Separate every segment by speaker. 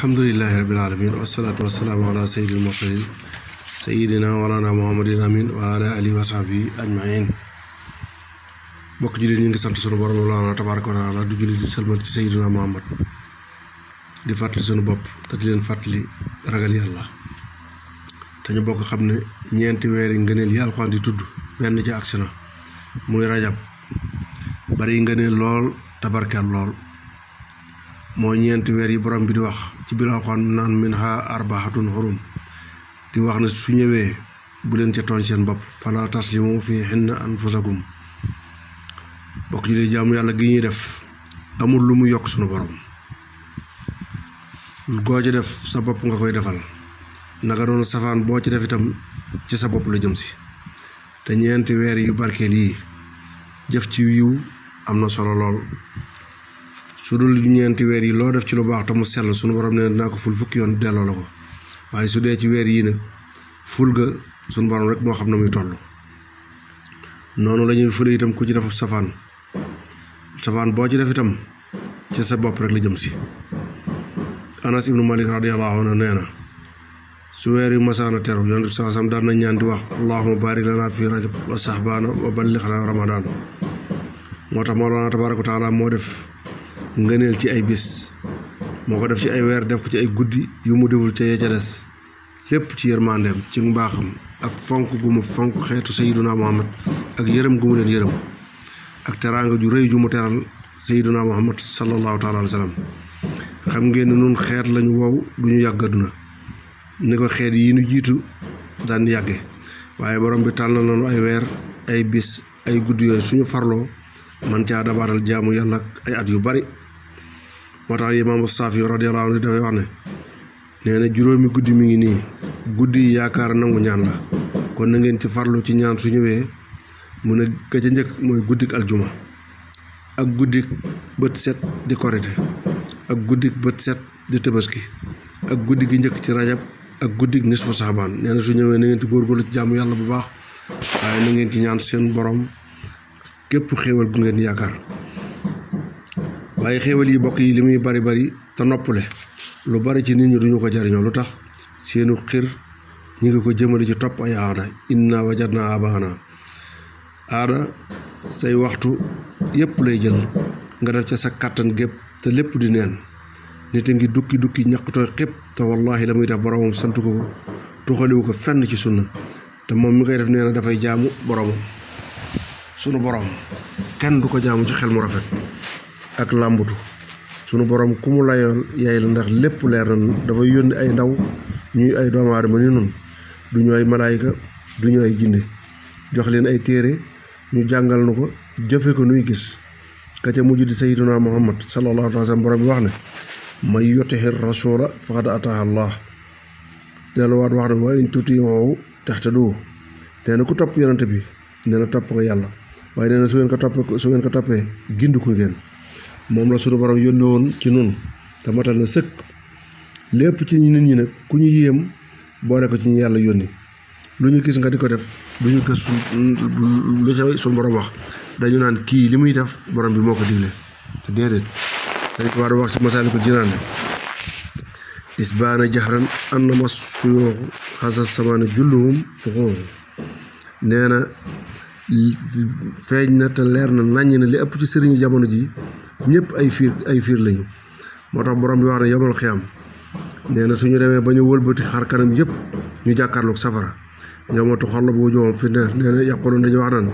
Speaker 1: alhamdulilahi rabbil alamin wasalaatu wasalaamu ala sayyidil mursalin sayyidina walana muhammadin amin wa alihi wa ajmain bokk jullit ñu ngi sant sunu borom wala fàttali sunu bopp te di leen fàttali ragal yàlla te ñu bokk xam ne ñeenti weer yi ngëneel yi alxuraan di tudd benn ci agsi na muy rajab bari ngëneel lool tabarkeel lool mooy ñeenti weer yi borom bi di wax ci biir alxuraan naan minha arbaatun xurum di wax ne su ñëwee bu leen ca tooñ seen bopp fala taslimu fi hinna fusagum bokk ji dee jaamu yàlla gi ñuy def amul lu mu yokk sunu borom goo ci def sa bopp nga koy defal naka noonu safaan boo ci def itam ci sa bopp la jëm si te ñeenti weer yu barkeel yi jëf ci yiw am na solo lool su dul ñeenti weer yi loo def ci lu baax te mu sell suñu borom ne dinaa ko ful fukki yoon delloo la ko waaye su dee ci weer yi nag ful ga suñu borom rek moo xam ne muy toll noonu lañuy ñuy fule itam ku ci def safaan safaan boo ci def itam ci sa bopp rek la jëm si anas ibnu malik radiallahu anhu nee na su weer yu masaana teru yonent bi saa sam daan ñaan di wax allahuma barik lana fi rajab wa saxbaana wa balliqna ramadaan moo tax moo laana tabaraka moo def ngëneel ci ay bis moo ko def ci ay weer def ko ci ay guddi yu mu diwul ca yee ca des lépp ci yërmandeem ci mbaaxam ak fonk gu mu fonk xeetu sayiduna muhammad ak yërëm gu mu leen yërëm ak teraanga ju rëy ju mu teral sayiduna muhammad sallallahu taala alayhi wa xam ngeen ne nun xeet lañu wow du ñu yàgg àdduna ni ko xeet yi nu jiitu daan yàgge waaye borom bi tànn nañu ay weer ay bis ay guddi yooyu suñu farloo man caa dabaatal jaamu yàlla ak ay at yu bari moo tax imaamu saafi radiyallaahu anhu dafay wax ne nee na juróomi guddi mi ngi nii guddi yi yaakaar nangu ñaan la kon na ngeen ci farlu ci ñaan su ñëwee mu ne ka ca njëkk mooy guddik aljuma ak guddi bët set di korite ak guddi bët set di tabaski ak guddi gi njëkk ci rajab ak guddik nisfu saabaan nee na su ñëwee na ngeen góor góorgóorlu ci jàmm yàlla bu baax waaye na ngeen ci ñaan seen borom képp xéewal gu ngeen yaakaar waaye xéewal yi bokk yi li muy bari bari te noppale lu bari ci nit ñi duñu ko jariñoo lu tax seenu xir ñu ngi ko jëmale ci topp ay aada inna wajat na abaana aada say waxtu yépp lay jël nga def ca sa kàttan gépp te lépp di neen nit a ngi dukki dukki ñàkkutooy xépp te wallaahi la muy def boromam sant ko ko tuxaliwu ko fenn ci sunna te moom mu koy def nee na dafay jaamu boromam sunu boroom kenn du ko jaamu ci xel mu rafet ak làmbutu sunu borom ku mu layool yaay la ndax lépp leer na dafa yónni ay ndaw ñuy ay doomu aadama ni nun du ñu ay malaayika du ñu ay jinne jox leen ay téere ñu jàngal nu ko jëfe ko nuy gis ka ca mujj di sayyiduna muhammad sallallahu alayhi wa sallam borom bi wax ne may yotixi rasula faqad ataha allah delluwaat wax ne wa in tutiihu tahtadu nee na ku topp yonante bi nee na topp nga yàlla waaye nee na su ngeen ko toppee su ngeen ko toppee gindiku ngeen moom la suñu borom yónne woon ci nun te matal na sëkk lépp ci nit ñi nag ku ñu yéem boole ko ci ñu yàlla yónni lu ñu gis nga di ko def du ñu gis lu ca suñu borom wax dañu naan kii li muy def borom bi moo ko digle déedéet dañ ko war a wax ci masaalikul jinaan ne isbaana jaxran annama suyoo xasa samaana julluhum fuxuum nee na feeñ na te leer na naññ na li ëpp ci sëriñu jamono ji ñëpp ay fiir ay fiir lañu moo tax borom bi wax na yomal xiyam nee na suñu demee ba ñu wëlbati xar kanam yëpp ñu jàkkaarloog safara yawma tuqallabu wujuuhum fi naar nee na yaquluun dañu wax naan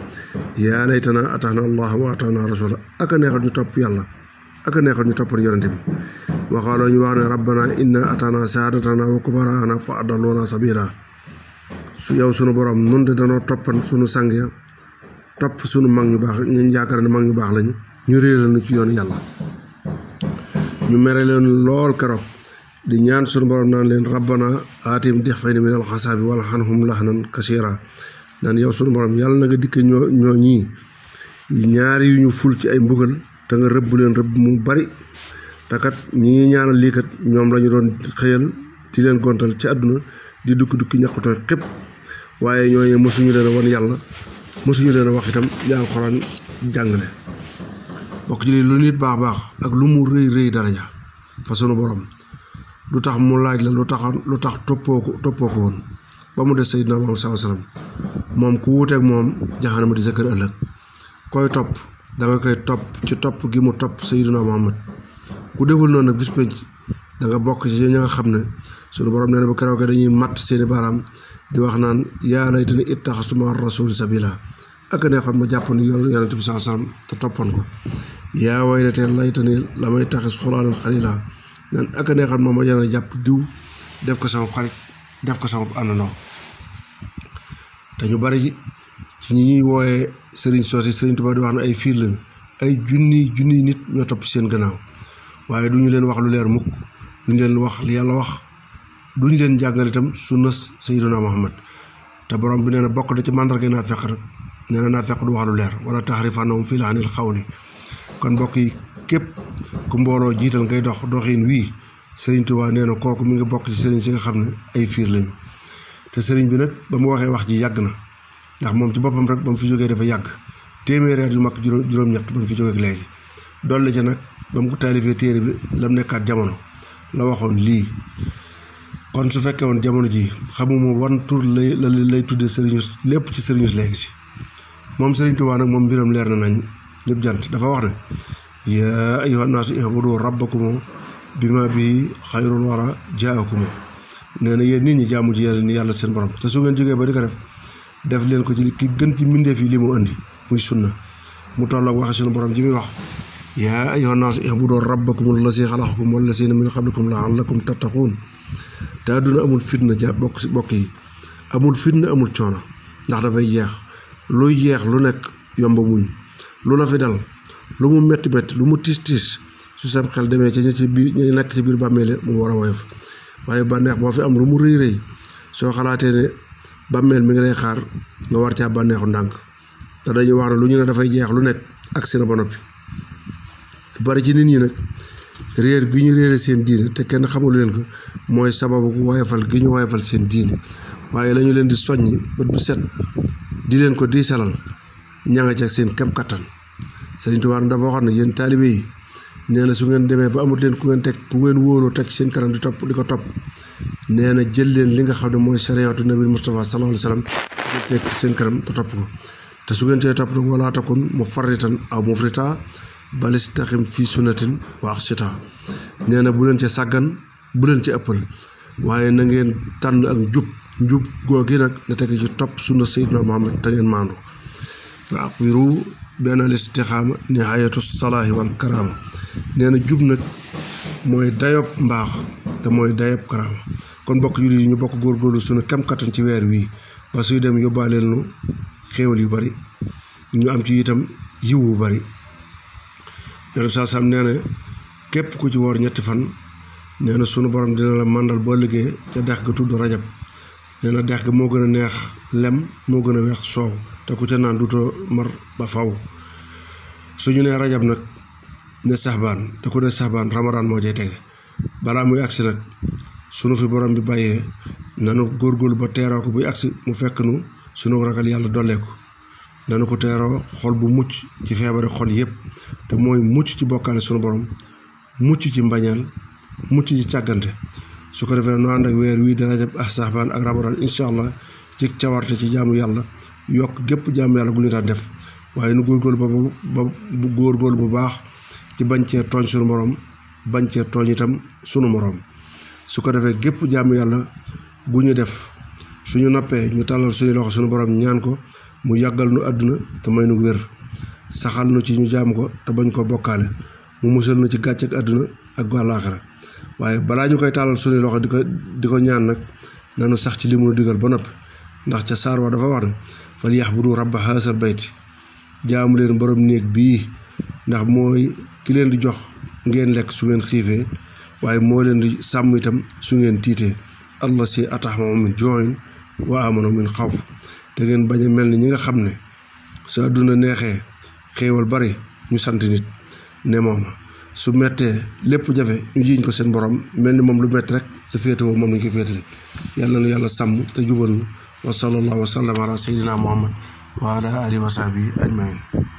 Speaker 1: yaa laytanaa ataana allah wa ataana rasula ak a neexoon topp yàlla ak a neexoon ñu toppoon yonente bi ñu wax ne rabbana inna ataana saadatana wa kubaraana fa adalloona sabila su yow sunu borom nun de danoo toppan suñu sang ya topp sunu mag ñu baax ñu yaakaar ne mag ñu baax lañu ñu réeral nu ci yoon yàlla ñu mere leen lool keroog di ñaan sunu borom naan leen rabbana aatim dixfayni min alxasaabi wala xanhum laxnan kasira naan yow sunu borom yàlla na nga dikk ñoo ñoo ñii ñaari yu ñu ful ci ay mbugal te nga rëbb leen rëbb mu bari te kat ngi ñaanal lii ñoom la ñu doon xëyal ci leen gontal ci àdduna di dukki dukki ñàkkutooy xépp waaye ñooñu mosuñu leen a wan yàlla mosuñu leen a wax itam yaa alxuraan jàngale bokk ci lu nit baax baax ak lu mu rëy rëy daraja fa sunu borom lu tax mu laaj la lu taxoon lu tax toppoo ko toppoo ko woon ba mu des Seydina Muhammad sallallahu alayhi moom ku wuuteeg moom jaxanama di sa kër ëllëg koy topp da nga koy topp ci topp gi mu topp Seydina Muhammad ku deful noonu nag bis penc da bokk ci ñi nga xam ne sunu borom nee na ba keroog dañuy matt seeni baaraam di wax naan yaa laytani ittaxasuma rasuli sabila ak ne xam ma jàppoon yoonu yonent bi sallallahu alayhi wasallam te toppoon ko yaa waylatee laytani la may taxis fulaanan xaliilaa naan ak a neexoon moom ma jëloon jàpp diw def ko sama xarit def ko sama àndandoo te ñu bari ci ñi ñuy wooyee sëriñ soosi sëriñ Tuubaa di wax na ay fiir lañu ay junni junni nit ñoo topp seen gannaaw waaye du ñu leen wax lu leer mukk du ñu leen wax li yàlla wax du ñu leen jàngal itam sunna sayyiduna Muhammad te borom bi nee na bokk na ci màndarga naa fekk rek nee na naa fekk du wax lu leer wala taxrif anhum fii lahnil qawli kon mbokk yi képp ku mbooloo jiital ngay dox doxin wii sëriñ Tuubaa nee na kooku mu ngi bokk ci sëriñ si nga xam ne ay fiir lañu te sëriñ bi nag ba mu waxee wax ji yàgg na ndax moom ci boppam rek ba mu fi jógee dafa yàgg téeméeri at yu mag juróom-ñett ba mu fi jógee ak léegi dolli ca nag ba mu ko taalifee téere bi lam nekkaat jamono la waxoon lii kon su fekkee woon jamono ji xamuma wan tur lay lay tuddee sëriñus lépp ci sëriñus léegi si moom sëriñ Tuubaa nag moom mbiram leer na nañ ñëpp jant dafa wax ne yaa ayyuhan naasu i'budu rabbakum bima bi xayrul wara jaakum nee na yéen nit ñi jaamu ji yàlla seen borom te su ngeen jógee ba di ko def def leen ko ci ki gën ci mbindeef yi li mu indi muy sunna mu tolloog waxe sunu borom ji muy wax yaa ayyuhan naasu i'budu rabbakum allazi xalaqakum wallaziina min qablikum la'allakum tattaquun te àdduna amul fitna ja bokk si bokk yi amul fitna amul coono ndax dafay jeex luy jeex lu nekk yomba lu la fi dal lu mu metti metti lu mu tiis tiis su sam xel demee ci ñi ci biir ñi nekk ci biir bàmmeele mu war a woyof waaye bànneex boo fi am lu mu rëy rëy soo xalaatee ne bàmmeel mi ngi lay xaar nga war caa bànneexu ndànk te dañuy wax ne lu ñu ne dafay jeex lu nekk ak seen ba noppi lu bari ci nit ñi nag réer bi ñu réere seen diine te kenn xamul leen ko mooy sababu ku woyofal gi ñu woyofal seen diine waaye lañu leen di soññ bët bu set di leen ko diisalal ña nga ca seen kem Sëriñ Tuubaa dafa waxoon ne yéen taalibe yi nee na su ngeen demee ba amut leen ku ngeen teg ku ngeen wóoloo teg seen kanam di topp di ko topp nee na jël leen li nga xam ne mooy sariyaatu nabi Mustafa sallallahu alayhi wasallam teg seen kanam te topp ko te su ngeen tee topp nag walaa takun mufarritan aw mufrita balistaqim fii sunnatin wa axsita nee na bu leen ci sàggan bu leen ci ëppal waaye na ngeen tànn ak njub njub googi nag na teg ci topp sunna Seydina Muhammad te ngeen maandu wa aqiru benn al istixaama nihayatu salaahi wal karaama nee na jub nag mooy dayob mbaax te mooy dayob karaama kon bokk jullit yi ñu bokk góorgóorlu suñu kem kattan ci weer wii ba suy dem yóbbaaleel nu xéewal yu bari ñu am ci itam yiw wu bari yonent saa sam nee na képp ku ci woor ñetti fan nee na sunu borom dina la màndal boo liggéey ca dex ga tudd rajab nee na dex ga moo gën a neex lem moo gën a weex soow te ku ca naan duto mar ba faw su ñu nee rajab nag ne saxbaan te ku ne saxbaan ramadaan moo cay tege balaa muy agsi nag sunu fi borom bi bàyyee nanu góor góorgóorlu ba teeroo ko buy agsi mu fekk nu sunu ragal yàlla dolleeku nanu ko teeroo xol bu mucc ci feebari xol yépp te mooy mucc ci bokkaale sunu borom mucc ci mbañal mucc ci càggante su ko defee nu ànd ak weer wii di rajab ak saxbaan ak ramadaan incha allah ci cawarte ci jaamu yàlla yokk gépp jàmm yàlla gu ñu daan def waaye nu góor ba ba bu góorgóorlu bu baax ci bañ cee tooñ sunu moroom bañ cee tooñ itam sunu moroom su ko defee gépp jàmm yàlla bu ñu def suñu noppee ñu tàllal suñu loxo sunu borom ñaan ko mu yàggal nu àdduna te may nu wér saxal nu ci ñu jàmm ko te bañ koo bokkaale mu musal nu ci gàcc ak àdduna ak àllaaxira waaye balaa ñu koy tàllal suñu loxo di ko di ko ñaan nag nanu sax ci li mu digal ba noppi ndax ca saar dafa wax ne bu du rabba haasal bayti jaamu leen borom néeg bii ndax mooy ki leen di jox ngeen lekk su ngeen xiifee waaye moo leen di sàmm itam su ngeen tiitee allah si atax ataxamahum min jooyin wa amano min xaw te ngeen bañ mel ni ñi nga xam ne su àdduna neexee xéewal bari ñu sant nit ne mooma su mettee lépp jafe ñu jiiñ ko seen borom mel ni moom lu mett rek la féetewoo moom lañ ko féetale yàlla na yàlla sàmm te jubal wa sallallahu wa sallam ala sayyidina muhammad wa ala alihi wa sahbihi ajmain